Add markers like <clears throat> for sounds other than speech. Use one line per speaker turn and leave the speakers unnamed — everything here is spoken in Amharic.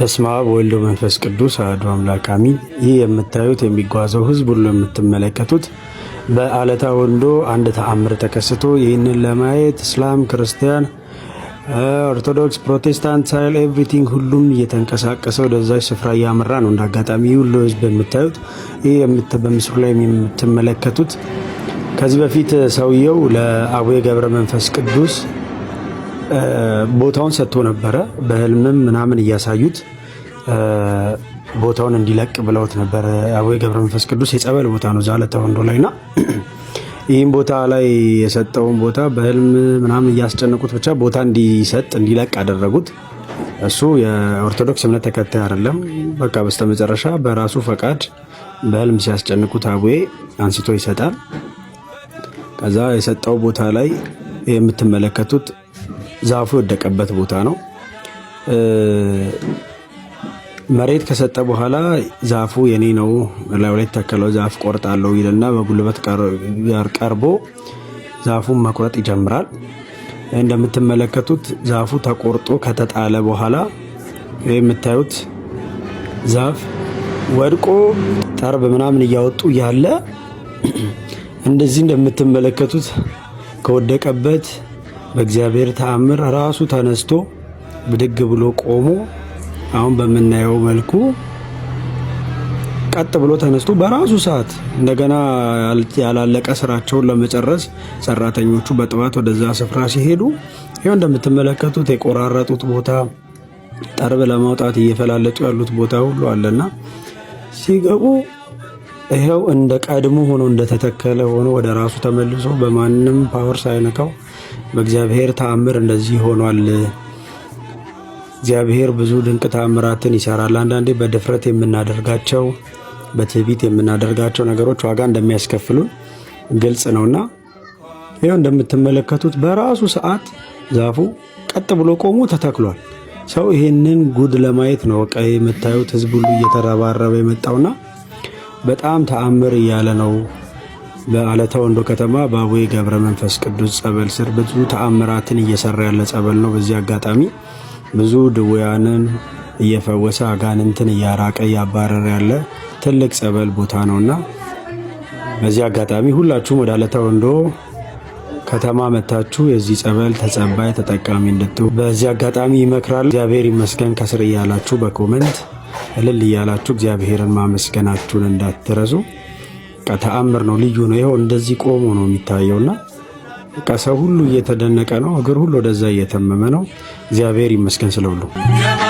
በስመ አብ ወወልድ ወመንፈስ ቅዱስ አሐዱ አምላክ አሚን። ይህ የምታዩት የሚጓዘው ህዝብ ሁሉ የምትመለከቱት በአለታ ወንዶ አንድ ተአምር ተከስቶ ይህንን ለማየት እስላም፣ ክርስቲያን፣ ኦርቶዶክስ፣ ፕሮቴስታንት ሳይል ኤቭሪቲንግ ሁሉም እየተንቀሳቀሰ ወደዛች ስፍራ እያመራ ነው። እንደ አጋጣሚ ሁሉ ህዝብ የምታዩት ይህ በምስሉ ላይ የምትመለከቱት ከዚህ በፊት ሰውየው ለአቡነ ገብረ መንፈስ ቅዱስ ቦታውን ሰጥቶ ነበረ። በህልምም ምናምን እያሳዩት ቦታውን እንዲለቅ ብለውት ነበረ። አቡነ ገብረ መንፈስ ቅዱስ የጸበል ቦታ ነው ዛለ ተወንዶ ላይ ና <clears throat> ይህም ቦታ ላይ የሰጠውን ቦታ በህልም ምናምን እያስጨነቁት ብቻ ቦታ እንዲሰጥ እንዲለቅ አደረጉት። እሱ የኦርቶዶክስ እምነት ተከታይ አይደለም። በቃ በስተመጨረሻ በራሱ ፈቃድ በህልም ሲያስጨንቁት አቡዬ አንስቶ ይሰጣል። ከዛ የሰጠው ቦታ ላይ የምትመለከቱት ዛፉ የወደቀበት ቦታ ነው። መሬት ከሰጠ በኋላ ዛፉ የኔ ነው ላዩ ላይ የተተከለው ዛፍ ቆርጣለሁ ይልና በጉልበት ጋር ቀርቦ ዛፉን መቁረጥ ይጀምራል። እንደምትመለከቱት ዛፉ ተቆርጦ ከተጣለ በኋላ የምታዩት ዛፍ ወድቆ ጠርብ ምናምን እያወጡ ያለ <clears throat> እንደዚህ እንደምትመለከቱት ከወደቀበት በእግዚአብሔር ተአምር ራሱ ተነስቶ ብድግ ብሎ ቆሞ አሁን በምናየው መልኩ ቀጥ ብሎ ተነስቶ በራሱ ሰዓት እንደገና ያላለቀ ስራቸውን ለመጨረስ ሰራተኞቹ በጠዋት ወደዛ ስፍራ ሲሄዱ ይኸው እንደምትመለከቱት የቆራረጡት ቦታ ጠርብ ለማውጣት እየፈላለጡ ያሉት ቦታ ሁሉ አለና ሲገቡ ይኸው እንደ ቀድሞ ሆኖ እንደተተከለ ሆኖ ወደ ራሱ ተመልሶ በማንም ፓወር ሳይነካው በእግዚአብሔር ተአምር እንደዚህ ሆኗል። እግዚአብሔር ብዙ ድንቅ ተአምራትን ይሰራል። አንዳንዴ በድፍረት የምናደርጋቸው በትዕቢት የምናደርጋቸው ነገሮች ዋጋ እንደሚያስከፍሉን ግልጽ ነውና ይኸው እንደምትመለከቱት በራሱ ሰዓት ዛፉ ቀጥ ብሎ ቆሞ ተተክሏል። ሰው ይህንን ጉድ ለማየት ነው ቀይ የምታዩት ህዝብ ሁሉ እየተረባረበ የመጣውና በጣም ተአምር እያለ ነው በአለታ ወንዶ ከተማ በአቡነ ገብረ መንፈስ ቅዱስ ጸበል ስር ብዙ ተአምራትን እየሰራ ያለ ጸበል ነው። በዚህ አጋጣሚ ብዙ ድውያንን እየፈወሰ አጋንንትን እያራቀ እያባረረ ያለ ትልቅ ጸበል ቦታ ነውና በዚህ አጋጣሚ ሁላችሁም ወደ አለታ ወንዶ ከተማ መታችሁ የዚህ ጸበል ተጸባይ ተጠቃሚ እንድትሆኑ በዚህ አጋጣሚ ይመክራል። እግዚአብሔር ይመስገን ከስር እያላችሁ በኮመንት እልል እያላችሁ እግዚአብሔርን ማመስገናችሁን እንዳትረሱ። በቃ ተአምር ነው፣ ልዩ ነው። ይኸው እንደዚህ ቆሞ ነው የሚታየውና በቃ ሰው ሁሉ እየተደነቀ ነው። እግር ሁሉ ወደዛ እየተመመ ነው። እግዚአብሔር ይመስገን ስለሁሉ